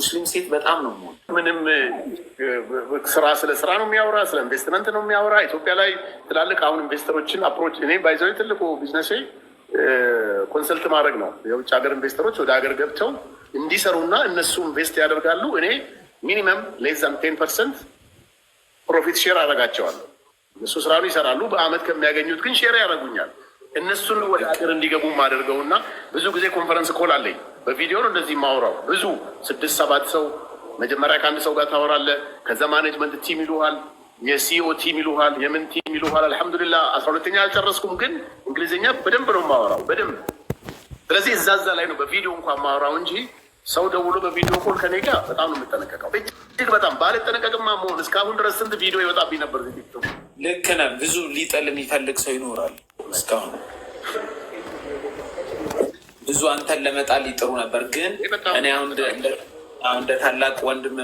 ሙስሊም ሴት በጣም ነው ሞል ምንም ስራ ስለ ስራ ነው የሚያወራ፣ ስለ ኢንቨስትመንት ነው የሚያወራ። ኢትዮጵያ ላይ ትላልቅ አሁን ኢንቨስተሮችን አፕሮች እኔ ባይዘው ትልቁ ቢዝነሴ ኮንሰልት ማድረግ ነው። የውጭ ሀገር ኢንቨስተሮች ወደ ሀገር ገብተው እንዲሰሩና እነሱ ኢንቨስት ያደርጋሉ። እኔ ሚኒመም ሌዛም ቴን ፐርሰንት ፕሮፊት ሼር አደርጋቸዋለሁ። እነሱ ስራውን ይሰራሉ። በአመት ከሚያገኙት ግን ሼር ያደርጉኛል። እነሱን ወደ ሀገር እንዲገቡ ማደርገውና ብዙ ጊዜ ኮንፈረንስ ኮል አለኝ በቪዲዮ ነው እንደዚህ ማውራው። ብዙ ስድስት ሰባት ሰው መጀመሪያ ከአንድ ሰው ጋር ታወራለህ። ከዛ ማኔጅመንት ቲም ይሉሃል፣ የሲኦ ቲም ይሉሃል፣ የምን ቲም ይሉሃል። አልሐምዱሊላ አስራ ሁለተኛ አልጨረስኩም፣ ግን እንግሊዝኛ በደንብ ነው ማወራው በደንብ። ስለዚህ እዛ እዛ ላይ ነው በቪዲዮ እንኳን ማወራው እንጂ ሰው ደውሎ በቪዲዮ ኮል ከኔ ጋር በጣም ነው የምጠነቀቀው፣ እጅግ በጣም ባልጠነቀቅማ መሆን እስካሁን ድረስ ስንት ቪዲዮ ይወጣብኝ ነበር። ልክ ነህ። ብዙ ሊጠል የሚፈልግ ሰው ይኖራል እስካሁን ብዙ አንተን ለመጣል ይጥሩ ነበር። ግን እኔ አሁን እንደ ታላቅ ወንድም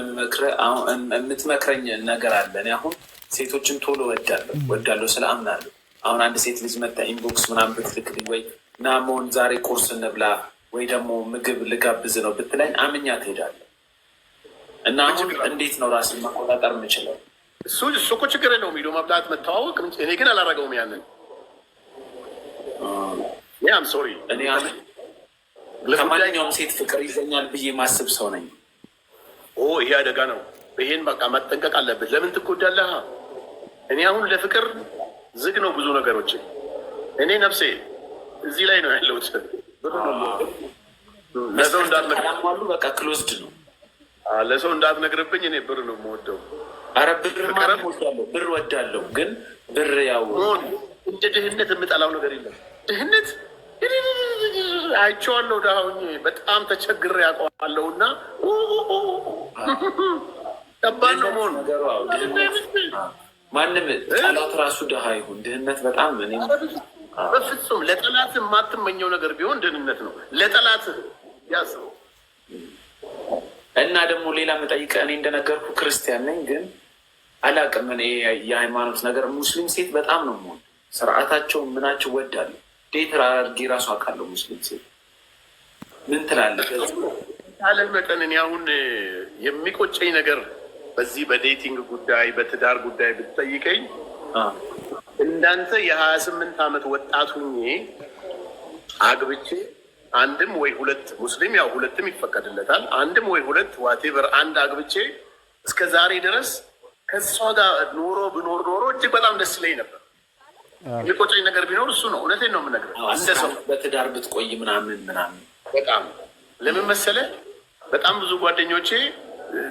የምትመክረኝ ነገር አለ። እኔ አሁን ሴቶችን ቶሎ ወዳለሁ ወዳለሁ ስለ አምናለሁ። አሁን አንድ ሴት ልጅ መታ ኢንቦክስ ምናምን ብትልክልኝ ወይ ናመሆን ዛሬ ቁርስ እንብላ ወይ ደግሞ ምግብ ልጋብዝ ነው ብትለኝ አምኛ ትሄዳለሁ። እና አሁን እንዴት ነው ራስን መቆጣጠር የምችለው? እሱ እሱ እኮ ችግር ነው የሚሉ መብላት መተዋወቅ። እኔ ግን አላረገውም ያንን ያም ሶሪ እኔ ከማንኛውም ሴት ፍቅር ይዘኛል ብዬ ማስብ ሰው ነኝ። ይሄ አደጋ ነው። ይሄን በቃ መጠንቀቅ አለብን። ለምን ትጎዳለህ? እኔ አሁን ለፍቅር ዝግ ነው ብዙ ነገሮች። እኔ ነፍሴ እዚህ ላይ ነው ያለሁት። ለሰው እንዳትነግርሉ በቃ ክሎዝድ ነው። ለሰው እንዳትነግርብኝ እኔ ብር ነው የምወደው። አረ ብር ወዳለሁ፣ ግን ብር ያው እንደ ድህነት የምጠላው ነገር የለም ድህነት አይቼዋለሁ። ዳሁኝ በጣም ተቸግሬ ያውቀዋለሁ። እና ጠባን ነው መሆኑ ማንም ጠላት ራሱ ድሃ ይሁን ድህነት በጣም እኔ በፍጹም ለጠላት የማትመኘው ነገር ቢሆን ድህንነት ነው። ለጠላት ያስበው እና ደግሞ ሌላ መጠይቀ እኔ እንደነገርኩ ክርስቲያን ነኝ፣ ግን አላቅም የሃይማኖት ነገር ሙስሊም ሴት በጣም ነው መሆን ስርዓታቸውን ምናቸው ወዳለሁ ዴት አድርጌ ራሱ አውቃለሁ። ሙስሊም ሴት ምን ትላለህ? አለን መጠን እኔ አሁን የሚቆጨኝ ነገር በዚህ በዴቲንግ ጉዳይ በትዳር ጉዳይ ብትጠይቀኝ እንዳንተ የሀያ ስምንት ዓመት ወጣት ሁኜ አግብቼ አንድም ወይ ሁለት ሙስሊም ያው ሁለትም ይፈቀድለታል አንድም ወይ ሁለት ዋቴቨር አንድ አግብቼ እስከ ዛሬ ድረስ ከሷ ጋር ኖሮ ብኖር ኖሮ እጅግ በጣም ደስ ይለኝ ነበር። የሚቆጨኝ ነገር ቢኖር እሱ ነው። እውነቴን ነው የምነግርህ። እንደ ሰው በትዳር ብትቆይ ምናምን ምናምን በጣም ለምን መሰለህ፣ በጣም ብዙ ጓደኞቼ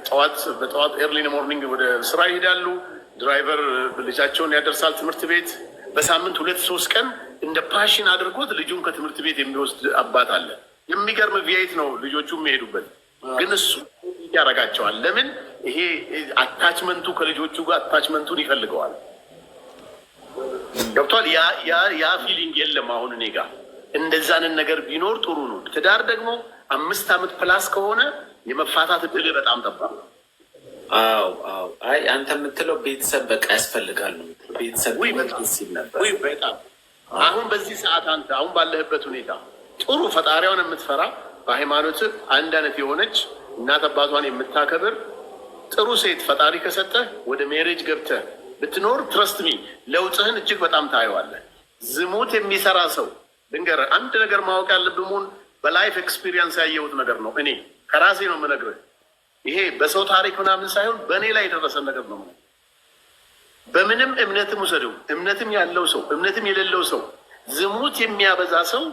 ጠዋት በጠዋት ኤርሊን ሞርኒንግ ወደ ስራ ይሄዳሉ። ድራይቨር ልጃቸውን ያደርሳል ትምህርት ቤት። በሳምንት ሁለት ሶስት ቀን እንደ ፓሽን አድርጎት ልጁን ከትምህርት ቤት የሚወስድ አባት አለ። የሚገርም ቪያይት ነው ልጆቹ የሚሄዱበት፣ ግን እሱ ያደርጋቸዋል። ለምን ይሄ አታችመንቱ ከልጆቹ ጋር አታችመንቱን ይፈልገዋል። ገብቷል። ያ ፊሊንግ የለም አሁን እኔ ጋር እንደዛንን ነገር ቢኖር ጥሩ ነው። ትዳር ደግሞ አምስት ዓመት ፕላስ ከሆነ የመፋታት እድል በጣም ጠባ አዎ አዎ። አይ አንተ የምትለው ቤተሰብ በቃ ያስፈልጋል ነው ቤተሰብ ሲል ነበር። በጣም አሁን በዚህ ሰዓት አንተ አሁን ባለህበት ሁኔታ ጥሩ ፈጣሪዋን የምትፈራ በሃይማኖት አንድ አይነት የሆነች እናት አባቷን የምታከብር ጥሩ ሴት ፈጣሪ ከሰጠህ ወደ ሜሬጅ ገብተህ ብትኖር ትረስትሚ ለውጥህን እጅግ በጣም ታየዋለህ። ዝሙት የሚሰራ ሰው ልንገርህ፣ አንድ ነገር ማወቅ ያለብህ በላይፍ ኤክስፒሪየንስ ያየሁት ነገር ነው። እኔ ከራሴ ነው የምነግርህ። ይሄ በሰው ታሪክ ምናምን ሳይሆን በእኔ ላይ የደረሰ ነገር ነው። በምንም እምነትም ውሰደው፣ እምነትም ያለው ሰው፣ እምነትም የሌለው ሰው፣ ዝሙት የሚያበዛ ሰው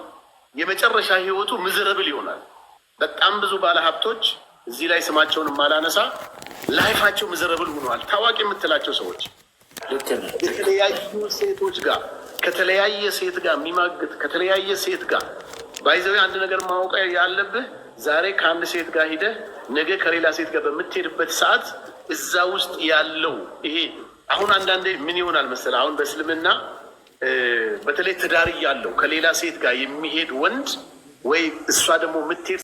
የመጨረሻ ህይወቱ ምዝረብል ይሆናል። በጣም ብዙ ባለሀብቶች እዚህ ላይ ስማቸውን ማላነሳ ላይፋቸው ምዝረብል ሆነዋል። ታዋቂ የምትላቸው ሰዎች የተለያዩ ሴቶች ጋር ከተለያየ ሴት ጋር የሚማግጥ ከተለያየ ሴት ጋር ባይዘዊ አንድ ነገር ማወቅ ያለብህ ዛሬ ከአንድ ሴት ጋር ሂደህ ነገ ከሌላ ሴት ጋር በምትሄድበት ሰዓት እዛ ውስጥ ያለው ይሄ አሁን አንዳንዴ ምን ይሆናል መሰለህ፣ አሁን በእስልምና በተለይ ትዳር ያለው ከሌላ ሴት ጋር የሚሄድ ወንድ ወይ እሷ ደግሞ የምትሄድ